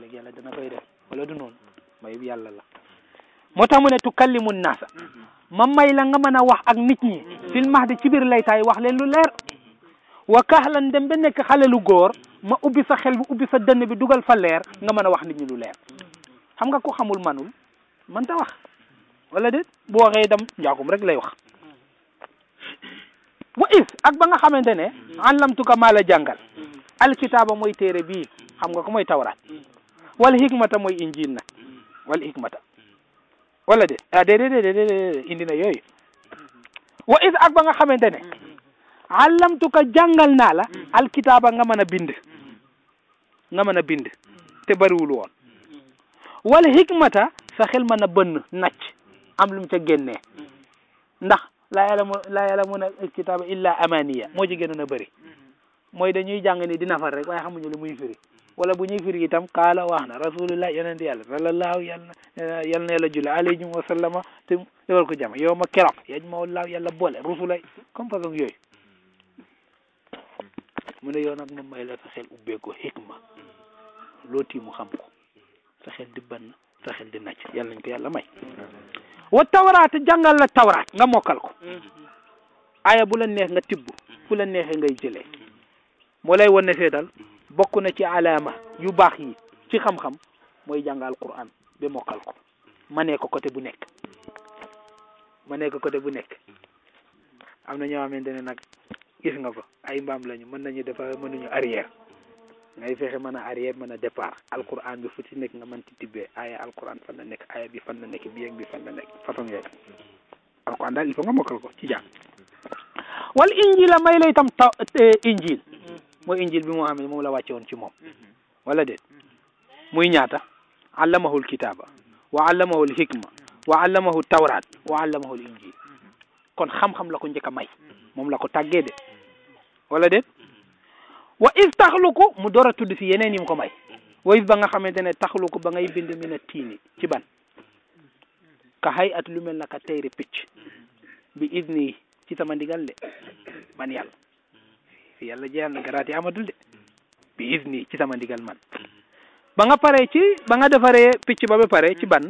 léegi yàlla dana koy def wala du noonu may yàlla la moo tax mu ne tukallimu naasa ma may la nga mën a wax ak nit ñi fil mahdi ci biir laytaay wax leen lu leer wa kaxlan dem ba nekk xale lu góor ma ubbi sa xel bi ubbi sa dënn bi dugal fa leer nga mën a wax nit lu leer xam nga ko xamul manul mënta wax wala déet bu waxee itam njaakum rek lay wax wa if ak ba nga xamante ne allamtuka mala la jàngal alkitaaba mooy téere xam nga ko moy tawraat wal hikmata mooy injil nag wal hikmata wala déet ah déedéet déedéet indi na yooyu wa if ak ba nga xamante ne allamtuka jàngal naa la alkitaaba nga mën a bind nga mën a bind te bariwul woon wala hikmata sa xel mën a bënn nacc am lu mu ca la ndax laa yalamu laa yalamuna kitaaba illa amaniya moo ci gënoon a bëri mooy dañuy jàng ni dina far rek waaye xamuñu lu muy firi wala bu ñuy firi itam kaala wax na rasulullah yonent yàlla sallallahu yàll na yàll na yàlla julli alayhim wa sallama te ko jàmm yow ma keroog yaj ma wallaahu yàlla boole rusulay comme yooyu mu ne yow nag ma may la sa xel ubbee loo tii mu sa xel di bënn sa xel di nacc yàlla nañ ko yàlla may wa tawraat jàngal la tawraat nga mokkal ko aaya bu la neex nga tibb bu la neexee ngay jëlee moo lay wone ne fee bokk na ci alaama yu baax yi ci xam-xam mooy jàngal Qur'an ba mokkal ko ma ne ko côté bu nekk ma ne ko côté bu nekk am na ñoo xamante ne nag gis nga ko ay mbaam lañu mën nañu dafa nañu arrière ngay fexe man a arrière mën a départ alquran bi fu ci nekk nga mën ci tibbee aaya alquran fan la nekk aaya bi fan la nekk bi ak bi fan la nekk façon yooyu alquran daal il faut nga mokkal ko ci jàng wal injila may lay tam ta injil mooy injil bi xam ne moom la wàcce woon ci moom wala déet muy ñaata allamahul kitaaba wa allamahul hikma wa allamahu tawraat wa allamahul injil kon xam-xam la ko njëkk a may moom la ko tàggee de wala déet wa is taxluku mu door a tudd si yeneen yi mu ko may wa is ba nga xamante ne taxluku ba ngay bind mi na tiini ci ban ka xay at lu mel naka ka teyri picc bi idni ci sama ndigal de man yàlla yàlla jeexal na garaati amatul de bi idni ci sama ndigal man ba nga pare ci ba nga defaree picc ba ba pare ci ban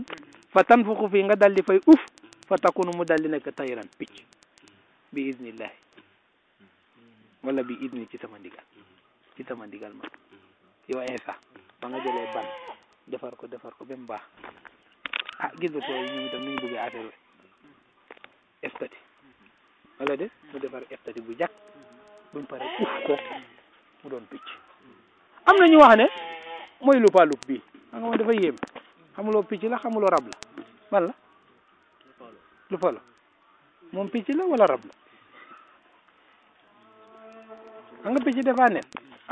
fa tan fii nga daldi fay uf fa mu daldi nekk tayran picc bi idnillahi wala bi idni ci sama ndigal ci sama ndigal ma yow Insa ba nga jëlee ban defar ko defar ko ba mu baax ah gis nga tool yi ñoom itam nu ñu bëggee affaire de mu defar estati bu jag buñ pare uf ko mu doon picc am na ñu wax ne mooy lupalup bii xam nga moom dafa yéem xamuloo picc la xamuloo rab la man la lupalu moom picc la wala rab la xam picc dafa ne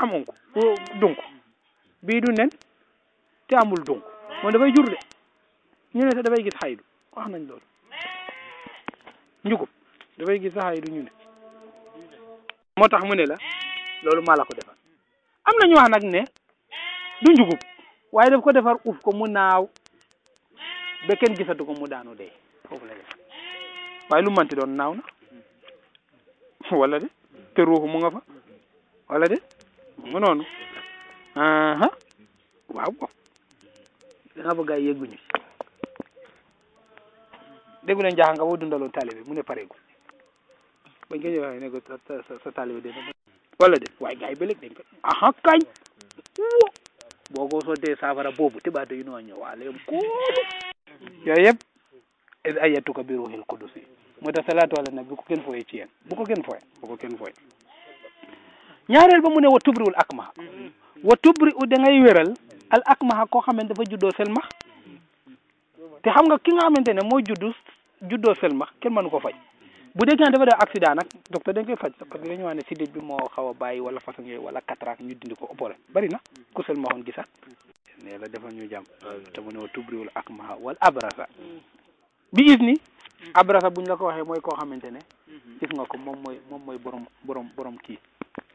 amoon ko dunk bii du nen te amul dunk moom dafay jur de ñu ne te dafay gis xaydu wax nañ loolu njugub dafay gis sa xaydu ñu ne moo tax mu ne la loolu maa la ko defal am na wax nag ne du njugub waaye daf ko defar uf ko mu naaw ba kenn gisatu mu daanu dee waaye lu manti doon naaw na wala de te ruuxu mu nga fa wala de mu noonu waaw danga bëgg ay yëgguñu déggu leen jaaxa nga boo dundaloon taalibe mu ne pareegu bañ ko ñëwee ne ko sa taalibe dina wala de waaye gars yi ba léegi dañ ko aha kañ boo ko soltee saafara boobu tibaate yu noo ñëwaaleem ko yooyu yëpp ayatu ka bi ruuxil qudus yi moo tax salaatu ala nabi bu ko kenn fooyee ci yéen bu ko kenn fooyee bu ko kenn fooyee ñaareel ba mu ne wa tubriwul ak ma mm-hmm. wa tubri u da ngay wéral al ak maha koo xamante dafa juddoo sel max te xam nga ki nga xamante ne mooy juddu juddoo sel max kenn mënu ko faj bu dee dafa def accident nag docteur dañ koy faj parce que dañu wax ne si dëj bi xaw a bàyyi wala façon yooyu wala cataracte dindi ko opéré bari na ku sel maxoon gisaat ne la defal ñu jàmm euh, te mu ne wa ak maha wala abrasa mm. bi isni mm. abrasa bu ñu la ko waxee mooy koo xamante ne mm-hmm. gis nga ko moom mooy moom mooy borom borom borom kii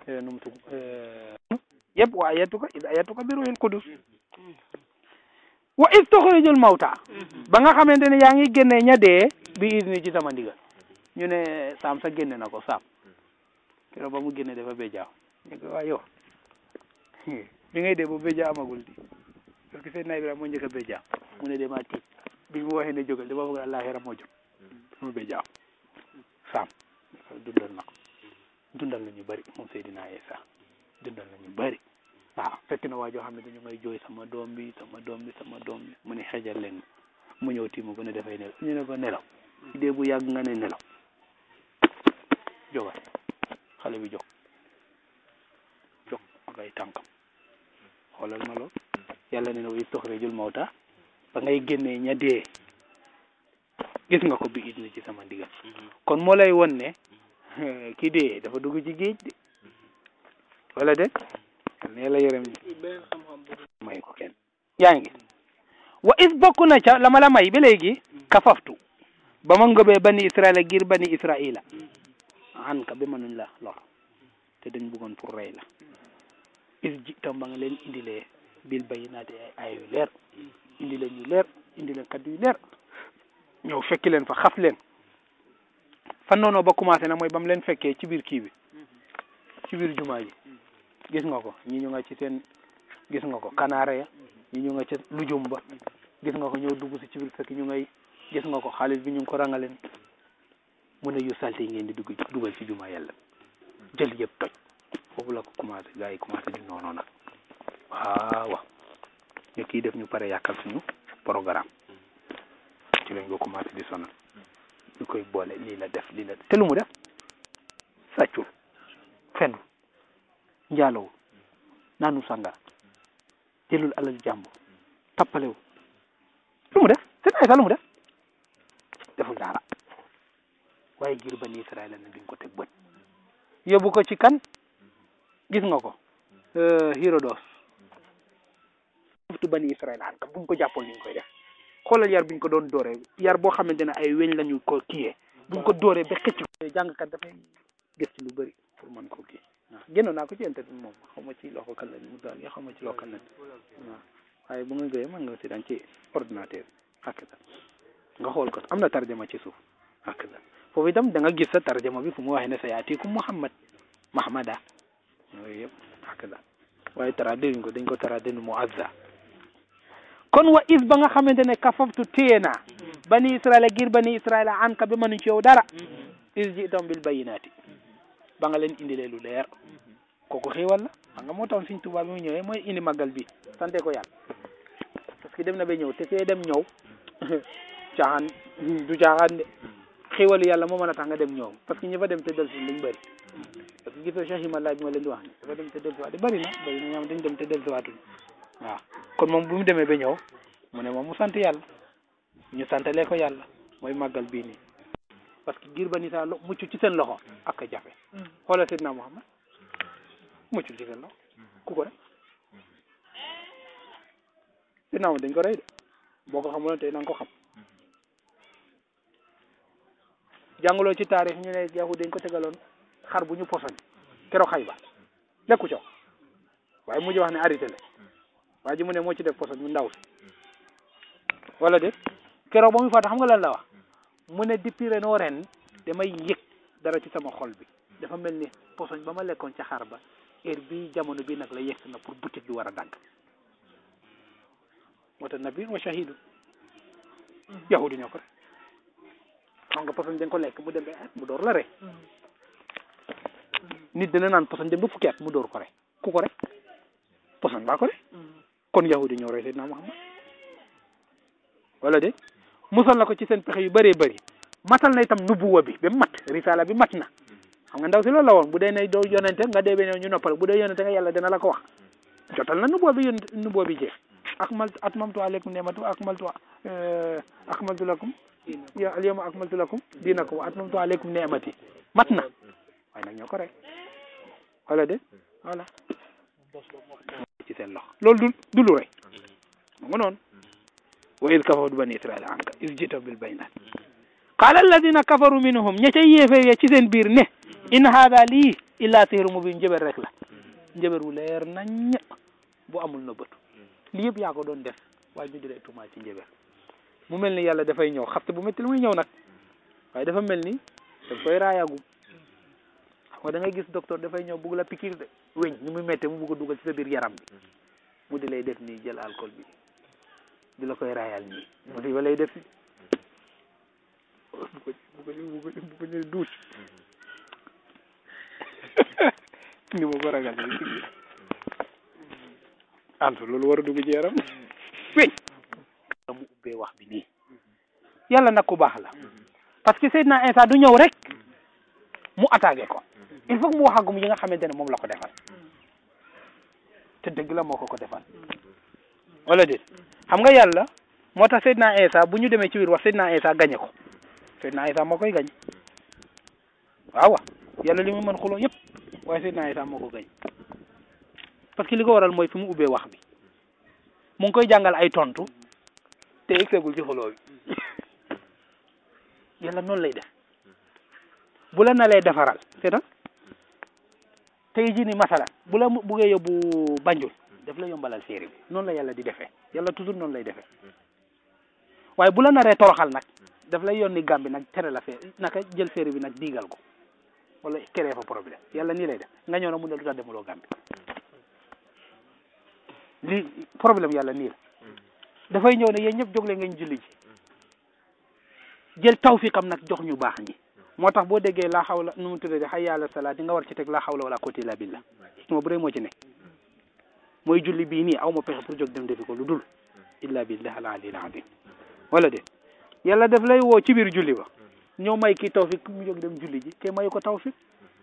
Eh, nu mu tudd eh, yëpp wa ayatuka id ayatuka bi ruhil qudus wa iz tuxrijul mawta ba nga xamante ne yaa ngi génne ña dee bi idni ci sama ndigal ñu ne saam sa na ko saam keroog ba mu génne dafa béjaaw ñu ko waa yow bi ngay dee bu béjaa amagul di parce mu ne damaa bi mu waxee ne jógal damaa foog ne àllaaxira moo jot sama béjaaw saam na ko dundal na ñu bëri moom Seydina Isa dundal na ñu bëri waaw fekk na waa joo xam ne dañu may jooy sama doom bi sama doom bi sama doom bi mu ne xejal leen mu ñëw tiimu ko ne dafay nelaw ñu ne ko bu yàgg nga ne nelaw jógal xale bi jóg jóg ak ay tànkam xoolal ma lool yàlla ne ne wi toxrejul mawta ba ngay génnee ña dee gis nga ko bi it na ci sama ndigal mm-hmm. kon moo lay won ne ki dee dafa dugg ci géej de wala de am yàlla yërëm may ko kenn yaa wa is bokk na ca la ma la may ba léegi kafaftu ba ma ngëbee bani israila ngir bani israila an ka ba mënuñ la lor te dañ bëggoon pour rey la is ji tam leen indilee bil bayinaati ay yu leer indi leen yu leer indi leen kat yu leer ñëw fekki leen fa xaf leen fan noonu ba commencé na mooy ba mu leen fekkee ci biir kii bi ci biir jumaa ji gis nga ko ñi ñu nga ci seen gis nga ko kanaare ya ñi ñu nga ci lujum ba gis nga ko ñëw dugg si ci biir fekk ñu ngay gis nga ko xaalis bi ñu ngi ko rangaleen mu ne yu salte yi ngeen di dugg dugal ci jumaa yàlla jël yëpp toj foofu la ko commencé gars yi commencé di noonu nag waaw waaw ñu kii def ñu pare yàkkal suñu programme ci lañ ko commencé di sonal ñu koy boole lii la def lii la te lu mu def sàccul fenul njaalowul naanu sàngara jëlul alal jàmbur tappalewul lu mu def seen ay sax lu mu def deful dara waaye ngir bani Israel na duñ ko teg bët yóbbu ko ci kan gis nga ko Hérodos euh, buftu bani Israel an ka buñ ko jàppoon ni ñu koy def xoolal yar bu ñu ko doon dooree yar boo xamante ne ay weñ lañu ko kiyee bu ñu ko dooree ba xëcc ko jàngkat dafay gis ci lu bari pour mën ko kii waaw naa ko ci internet moom xaw ma ci loxo kan la mu daal xaw ma ci loxo kan la waaw waaye bu nga gëyee mën nga si daan ci ordinateur ak nga xool ko am na tarjama ci suuf ak foofu itam da nga gis sa tarjama bi mu waxee ne sa yaatiku Muhammad Mahamada yooyu yëpp ak waaye tara dañ ko dañ ko tara denu mu azza kon wa is ba nga xamante ne kafaftu téye naa bani israila ngir bani israila an ka ba mënuñ ci yow dara is ji itam bil bayinaati ba nga leen indilee lu leer kooku xéewal la xam nga moo tax suñ tubaab bi mu ñëwee mooy indi màggal bi sante ko yàlla parce que dem na ba ñëw te see dem ñëw caaxaan du caaxaan de xéewalu yàlla moo mën a tax nga dem ñëw parce que ñi fa dem te dellusi dañ bëri parce que gisoo Cheikh Imalaaji moo leen di wax ne dafa dem te dellusiwaat bari waaw kon moom bu mu demee ba ñëw mu ne moom mu sant yàlla ñu santalee ko yàlla mooy màggal bii nii parce que gir ba ni saa mucc ci seen loxo ak a jafe xoolal Seydina Muhammad mucc ci seen loxo ku ko rek Seydina Muhammad dañ ko rey de boo ko xamuloon tey na ko xam jàngaloo ci taarix ñu ne yahud dañ ko tegaloon xar bu ñu poson keroog xay ba lekku coow waaye mujj wax ne arrêté waa ji mu ne moo ci def poson ñu ndaw si wala de keroog ba mu faatu xam nga lan la wax mu ne depuis renoo ren damay yëg dara ci sama xol bi dafa mel ni posoñ ba ma lekkoon ca xar ba heure bi jamono bi nag la yegsi na pour boutique war a dagg moo tax nabi wa ko rek xam nga posoñ dañ ko lekk mu dem ba at mu door la rek nit dina naan posoñ dem ba fukki at mu door ko rek ku ko rek posoñ baa ko rek kon yahudi ñoo rey Seydina Muhammad wala de musal na ko ci seen pexe yu bëree bëri matal na itam nubuwa bi ba mat risala bi mat na xam nga ndaw si loolu la woon bu dee ne doo yonente nga dee beneen ñu noppal bu dee yonente nga yàlla dana la ko wax jotal na nubuwa bi yon nubuwa bi jeex akmal atmamtu aleykum nematu akmaltu eh, akmaltu lakum ya al yawma akmaltu lakum dinakum wa atmamtu aleykum nemati mat na waaye nag ñoo ko rey wala de voilà ci seen loxo loolu du du lu rëy mu nga noonu wa id kafaru bani israil anka is jita bil baynat qaala alladina kafaru minhum ña ca yéefee ya ci seen biir ne in haada lii illa sihru mubin njëbër rek la njëbër wu leer nañ bu amul na bëtu li yëpp ko doon def waaye ñu diree tuuma ci mu mel ni yàlla dafay ñëw xabte bu métti lu muy na nag waaye mel ni daf koy raayagum xam weñ ni muy méttee mu bëgg a dugal ci sa biir yaram bi mu mm-hmm. di lay def nii jël alcool bi di la koy raayal nii mu di ba lay def mm-hmm. mm-hmm. ni ma ko ragal bi sigi ant loolu war a dugg ci yaram weñ mu ubbee wax bi nii yàlla nag ku baax la que Seydina Insa du il faut mu wax ak yi nga xamante ne moom la ko defal te dëgg la moo ko ko defal wala déet xam nga yàlla moo tax Seydina Isa bu ñu demee ci biir wax Seydina Isa gañe ko Seydina Isa moo koy gañ waaw waaw yàlla li mu mën xuloo yëpp waaye Seydina Isa moo ko gañ parce que waral mooy fi mu ubbee wax bi mu koy jàngal ay tontu te egseegul ci xuloo bi yàlla noonu lay def bu la nalee defaral c'est te jii nii masala bu la buggee yóbbu Banjul daf la yombalal bi noonu la yàlla di defee yàlla toujours noonu lay defee waaye bu la naree toroxal nag daf lay yónni Gàmbi nag tere la fee naka jël séeréer bi nag diigal ko wala créé fa problème yàlla nii lay def mu ne lu tax demuloo yàlla nii la dafay ñëw ne yéen ñëpp jóg leen ngeen julli ji jël tawfiqam nag jox ñu baax ñi moo tax boo déggee laa xawla nu mu tuddati xay yàlla salaat yi nga war ci teg laa xawla wala côté la billah suma bu rek moo ci ne mooy julli bii nii aw ma pexe pour jóg dem defi ko lu dul illa billah al alil azim wala de yàlla def lay woo ci biir julli ba ñoo may kii tawfiq mu jóg dem julli ji ke mayu ko tawfiq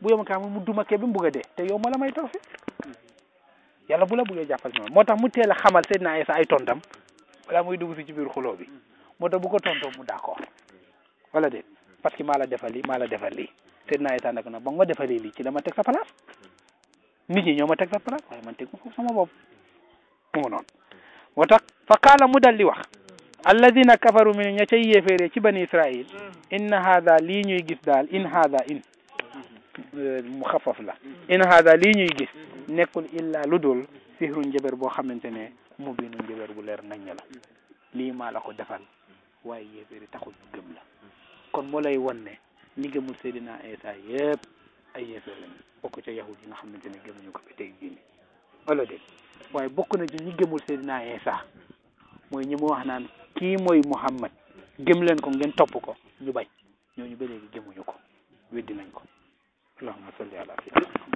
bu yoma kaa mu duma ke bi mu bugg de te yow ma la may tawfiq yàlla bu la buggee jàppal moom moo tax mu teel a xamal Seydina Isa ay tontam wala muy dugg si ci biir xuloo bi moo bu ko tontoo mu d'accord parce que maa la defal lii maa la defal lii Seydina Isa nag nag ba nga ma defalee lii ci dama teg ñoo ma teg sa waaye man teg ma foofu sama bopp mu tax fa qaala mu dal di wax alladina kafaru min ña cay yéeféere ci bani israil inna haada lii ñuy gis daal in haada in mu la in haada lii ñuy gis nekkul illa lu dul sihru boo xamante ne mu biinu njëbër bu leer nañ la lii maa la ko defal waaye yéeféeri taxul gëm la kon moo lay won ne ñi gëmul Seydina Isa yëpp ay yéefar lañu bokk ca yahud yi nga xamante ne gëmuñu ko ba tey jii wala de waaye bokk na ci ñi gëmul Seydina Isa mooy ñi mu wax naan kii mooy Muhammad gëm leen ko ngeen topp ko ñu bañ ñooñu ba léegi gëmuñu ko weddi nañ ko allahumma salli ala sayyidina